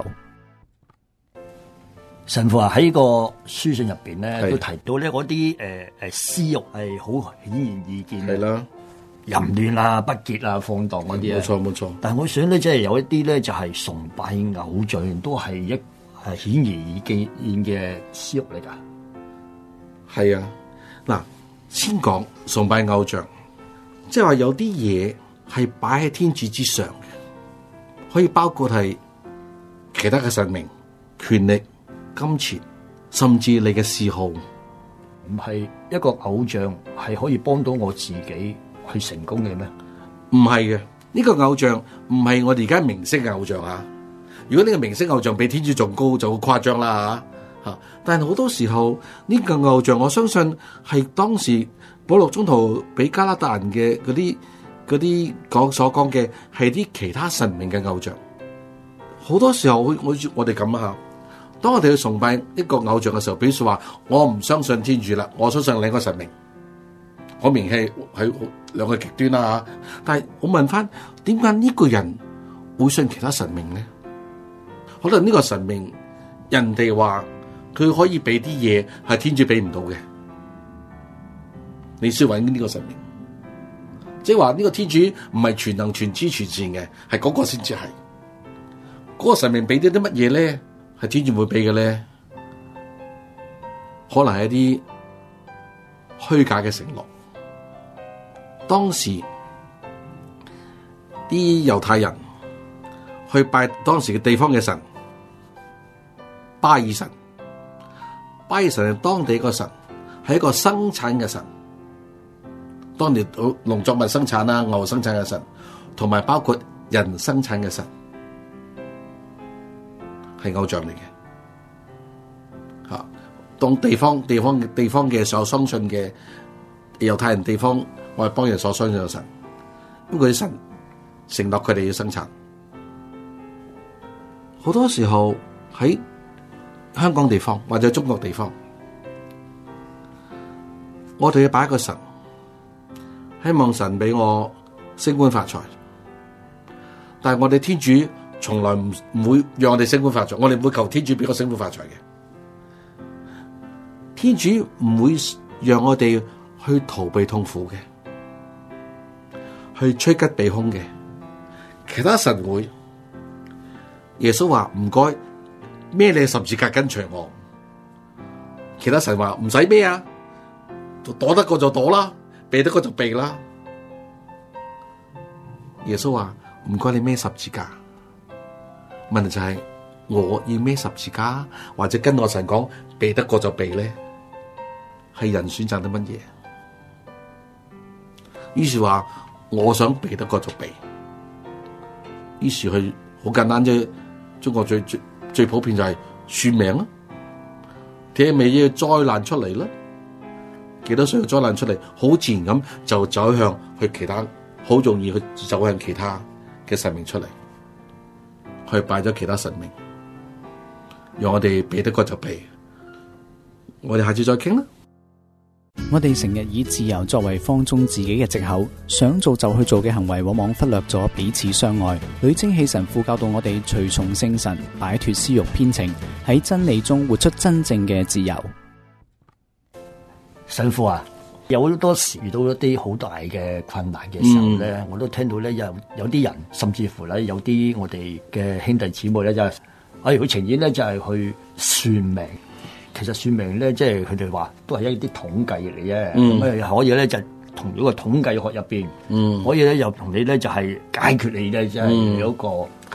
神父啊，喺呢個書信入邊咧都提到呢嗰啲誒誒私欲係好顯然易見，係啦淫亂啊、不潔啊、放蕩嗰啲啊，冇錯冇錯。但係我想咧，即係有一啲咧就係崇拜偶像，都係一。係顯而易見嘅私欲嚟噶，係啊。嗱，先講崇拜偶像，即係話有啲嘢係擺喺天主之上嘅，可以包括係其他嘅神明、權力、金錢，甚至你嘅嗜好。唔係一個偶像係可以幫到我自己去成功嘅咩？唔係嘅，呢個偶像唔係我哋而家明星嘅偶像啊。如果呢個明星偶像比天主仲高，就好誇張啦吓吓！但係好多時候呢個偶像，我相信係當時保羅中途俾加拉達人嘅嗰啲啲講所講嘅，係啲其他神明嘅偶像。好多時候我我哋咁啊吓！當我哋去崇拜一個偶像嘅時候，比如話我唔相信天主啦，我相信另一個神明。我明氣係兩個極端啦吓！但係我問翻，點解呢個人會信其他神明咧？可能呢個神明，人哋話佢可以俾啲嘢，係天主俾唔到嘅。你需要揾呢個神明，即係話呢個天主唔係全能、全知、全善嘅，係嗰個先至係。嗰個神明俾咗啲乜嘢咧？係天主會俾嘅咧？可能係一啲虛假嘅承諾。當時啲猶太人去拜當時嘅地方嘅神。巴爾神，巴爾神係當地個神，係一個生產嘅神。當年好農作物生產啦，牛生產嘅神，同埋包括人生產嘅神，係偶像嚟嘅。吓，當地方地方地方嘅所相信嘅猶太人地方，外邦人所相信嘅神。咁佢啲神承諾佢哋要生產，好多時候喺。香港地方或者中國地方，我哋要拜一個神，希望神俾我升官發財。但係我哋天主從來唔唔會讓我哋升官發財，我哋唔會求天主俾我升官發財嘅。天主唔會讓我哋去逃避痛苦嘅，去趨吉避凶嘅，其他神會。耶穌話唔該。孭你十字架跟隨我其他神話唔使孭啊？就躲得過就躲啦，避得過就避啦。耶穌話唔關你孭十字架，問題就係、是、我要孭十字架，或者跟我神講避得過就避咧，係人選擇的乜嘢？於是話我想避得過就避，於是佢好簡單啫，中國最最。最普遍就係算命啦，睇下咩嘢災難出嚟啦，幾多歲嘅災難出嚟，好自然咁就走向去其他，好容易去走向其他嘅神明出嚟，去拜咗其他神明，有我哋避得過就避，我哋下次再傾啦。我哋成日以自由作為放縱自己嘅借口，想做就去做嘅行為，往往忽略咗彼此相愛。女精氣神父教導我哋，隨從精神，擺脫私欲偏情，喺真理中活出真正嘅自由。神父啊，有好多時遇到一啲好大嘅困難嘅時候咧，嗯，我都聽到咧有有啲人，甚至乎咧有啲我哋嘅兄弟姊妹咧就係，是，哎，好情願咧就係去算命。其實算命咧，即係佢哋話都係一啲統計嚟嘅，佢、嗯、啊可以咧就係、同咗個統計學入邊、嗯，可以咧又同你咧就係、是、解決你咧即係有一個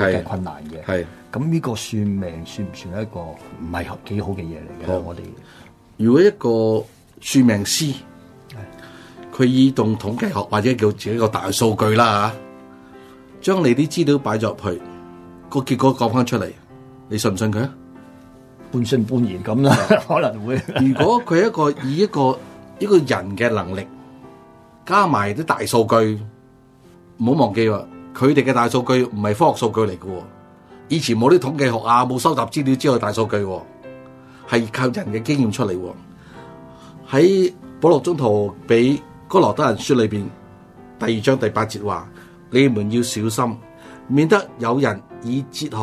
嘅困難嘅。咁呢個算命算唔算係一個唔係幾好嘅嘢嚟嘅？我哋如果一個算命師，佢以動統計學或者叫自己個大數據啦，將你啲資料擺咗入去，個結果講翻出嚟，你信唔信佢啊？半信半疑咁啦，可能會。 [LAUGHS] 如果佢一個以一個一個人嘅能力加埋啲大數據，唔好忘記喎，佢哋嘅大數據唔係科學數據嚟嘅。以前冇啲統計學啊，冇收集資料之後嘅大數據，係靠人嘅經驗出嚟喎。喺《保羅中途俾哥羅德人書》裏邊第二章第八節話：你們要小心，免得有人以哲學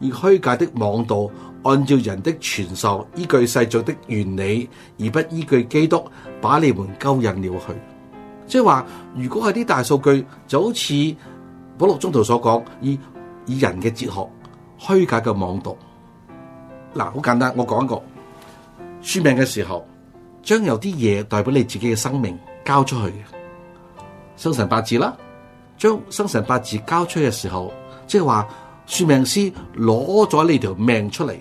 而虛界的妄道。按照人的傳授，依據世俗的原理，而不依據基督，把你們勾引了去。即係話，如果係啲大數據，就好似保羅中途所講，以以人嘅哲學、虛假嘅妄讀。嗱，好簡單，我講一個算命嘅時候，將有啲嘢，代表你自己嘅生命交出去。生辰八字啦，將生辰八字交出去嘅時候，即係話算命師攞咗你條命出嚟，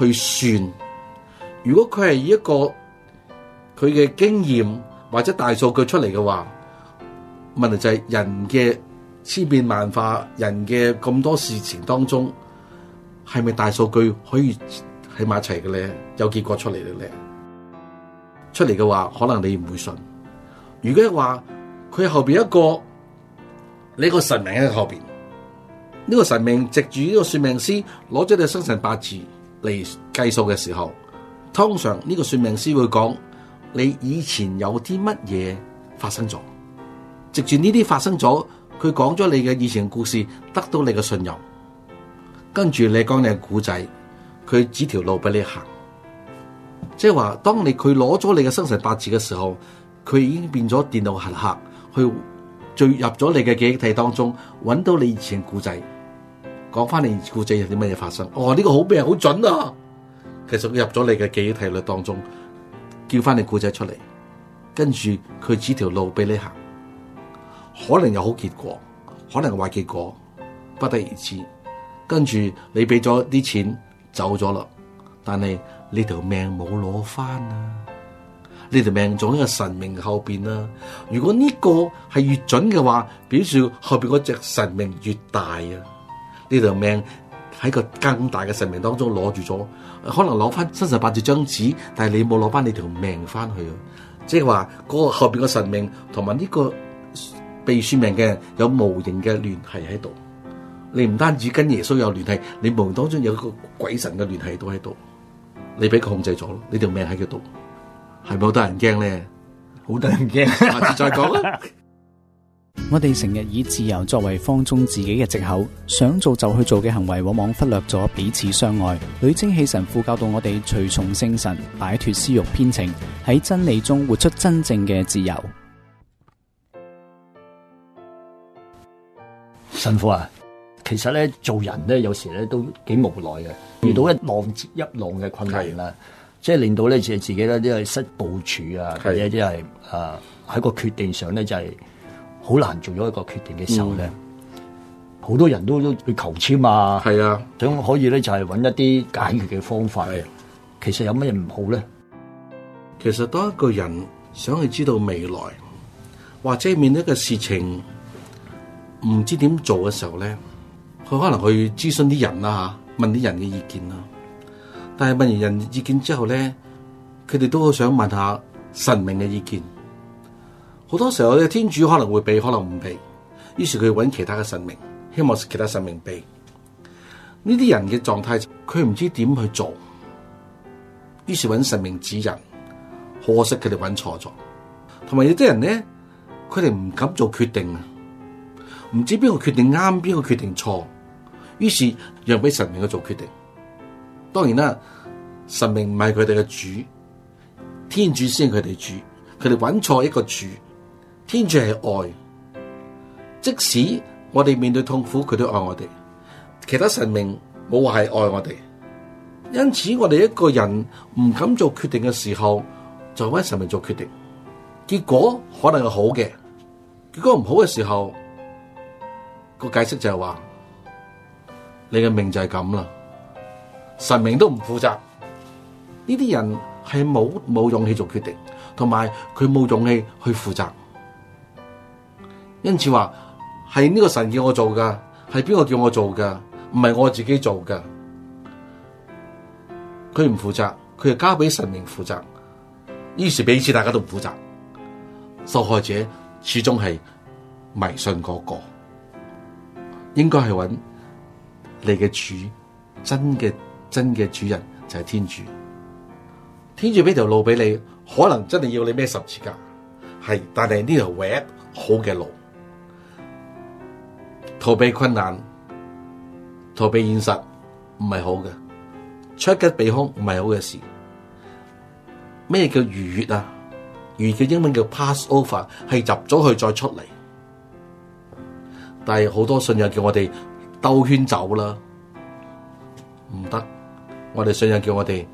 去算，如果佢係以一個佢嘅經驗或者大數據出嚟嘅話，問題就係人嘅千變萬化，人嘅咁多事情當中，係咪大數據可以喺埋一齊嘅咧？有結果出嚟嘅咧？出嚟嘅話，可能你唔會信。如果係話佢後邊一個呢個神明喺後邊，呢個神明藉住呢個算命師攞咗你生辰八字。嚟計數嘅時候，通常呢個算命師會講你以前有啲乜嘢發生咗，直住呢啲發生咗，佢講咗你嘅以前嘅故事，得到你嘅信任，跟住你講你嘅古仔，佢指條路俾你行，即係話當你佢攞咗你嘅生辰八字嘅時候，佢已經變咗電腦黑客去進入咗你嘅記憶體當中，揾到你以前古仔。講翻你故仔有啲乜嘢發生？哦，呢、這個好咩？好準啊！其實佢入咗你嘅記憶體裏當中，叫翻你故仔出嚟，跟住佢指條路俾你行，可能有好結果，可能有壞結果，不得而知。跟住你俾咗啲錢走咗啦，但係你條命冇攞翻啊！你條命仲喺個神明後邊啊！如果呢個係越準嘅話，表示後邊嗰隻神明越大啊！呢條命喺個更大嘅神命當中攞住咗，可能攞翻七十八隻張紙，但係你冇攞翻你條命翻去啊！即係話嗰個後邊嘅神命同埋呢個被算命嘅有無形嘅聯繫喺度。你唔單止跟耶穌有聯繫，你無形當中有個鬼神嘅聯繫都喺度，你俾佢控制咗，呢條命喺度，係咪好得人驚咧？好得人驚， [LAUGHS] 下次再講啦。我哋成日以自由作為放縱自己嘅借口，想做就去做嘅行為，往往忽略咗彼此相愛。女精氣神父教導我哋隨從聖神，擺脫私欲偏情，喺真理中活出真正嘅自由。神父啊，其實咧做人咧，有時咧都幾無奈嘅，嗯，遇到一浪接一浪嘅困難啦，即係、就是、令到咧自己咧係失部署啊，或者一係啊喺個決定上咧就係、是。好難做咗一個決定嘅時候咧，好、嗯、多人都去求簽啊，想可以咧就係揾一啲解決嘅方法，啊。其實有乜嘢唔好咧？其實當一個人想去知道未來或者面對一個事情唔知點做嘅時候咧，佢可能去諮詢啲人啦吓，問啲人嘅意見啦。但係問完人意見之後咧，佢哋都好想問下神明嘅意見。好多時候咧，天主可能會畀，可能唔畀，於是佢揾其他嘅神明，希望其他神明畀。呢啲人嘅狀態，佢唔知點去做，於是揾神明指引。可惜佢哋揾錯咗，同埋有啲人咧，佢哋唔敢做決定啊，唔知邊個決定啱，邊個決定錯，於是讓俾神明去做決定。當然啦，神明唔係佢哋嘅主，天主先係佢哋主，佢哋揾錯一個主。天主係愛，即使我哋面對痛苦，佢都愛我哋。其他神明冇話係愛我哋，因此我哋一個人唔敢做決定嘅時候，就揾神明做決定。結果可能係好嘅，結果唔好嘅時候，個解釋就係話你嘅命就係咁啦，神明都唔負責。呢啲人係冇冇勇氣做決定，同埋佢冇勇氣去負責。因此話係呢個神叫我做噶係邊個叫我做噶？唔係我自己做噶佢唔負責，佢就交俾神明負責。於是彼此大家都唔負責，受害者始終係迷信嗰、那個，應該係揾你嘅主，真嘅、真嘅主人就係、是、天主。天主俾條路俾你，可能真係要你孭十字架，係，但係呢條劃好嘅路。逃避困難，逃避現實唔係好嘅，出吉避凶唔係好嘅事。咩叫逾越啊？逾越嘅英文叫 pass over，係入咗去再出嚟。但係好多信仰叫我哋兜圈走啦，唔得。我哋信仰叫我哋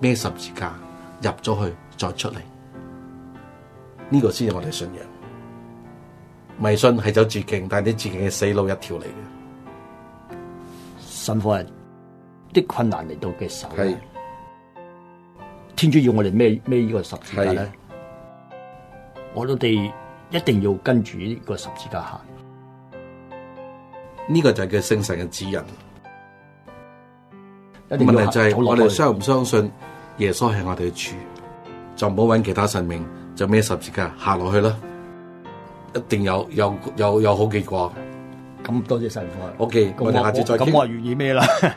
孭十字架入咗去再出嚟，呢、這個先係我哋信仰。迷信係走捷徑，但係啲捷徑係死路一條嚟嘅。神父，係啲困難嚟到嘅時候，係天主要我哋孭孭呢個十字架咧？我哋一定要跟住呢個十字架行。呢、呢個就係叫聖神嘅指引一。問題就係我哋相唔相信耶穌係我哋嘅主，就唔好揾其他神明，就孭十字架行落去啦。一定有有有有好結果，咁多謝，謝神父。O.K. 我哋下次再見。咁我係願意咩啦？ [LAUGHS]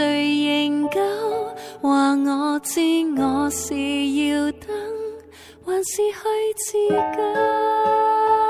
誰仍舊話我知我是要等，還是去自救？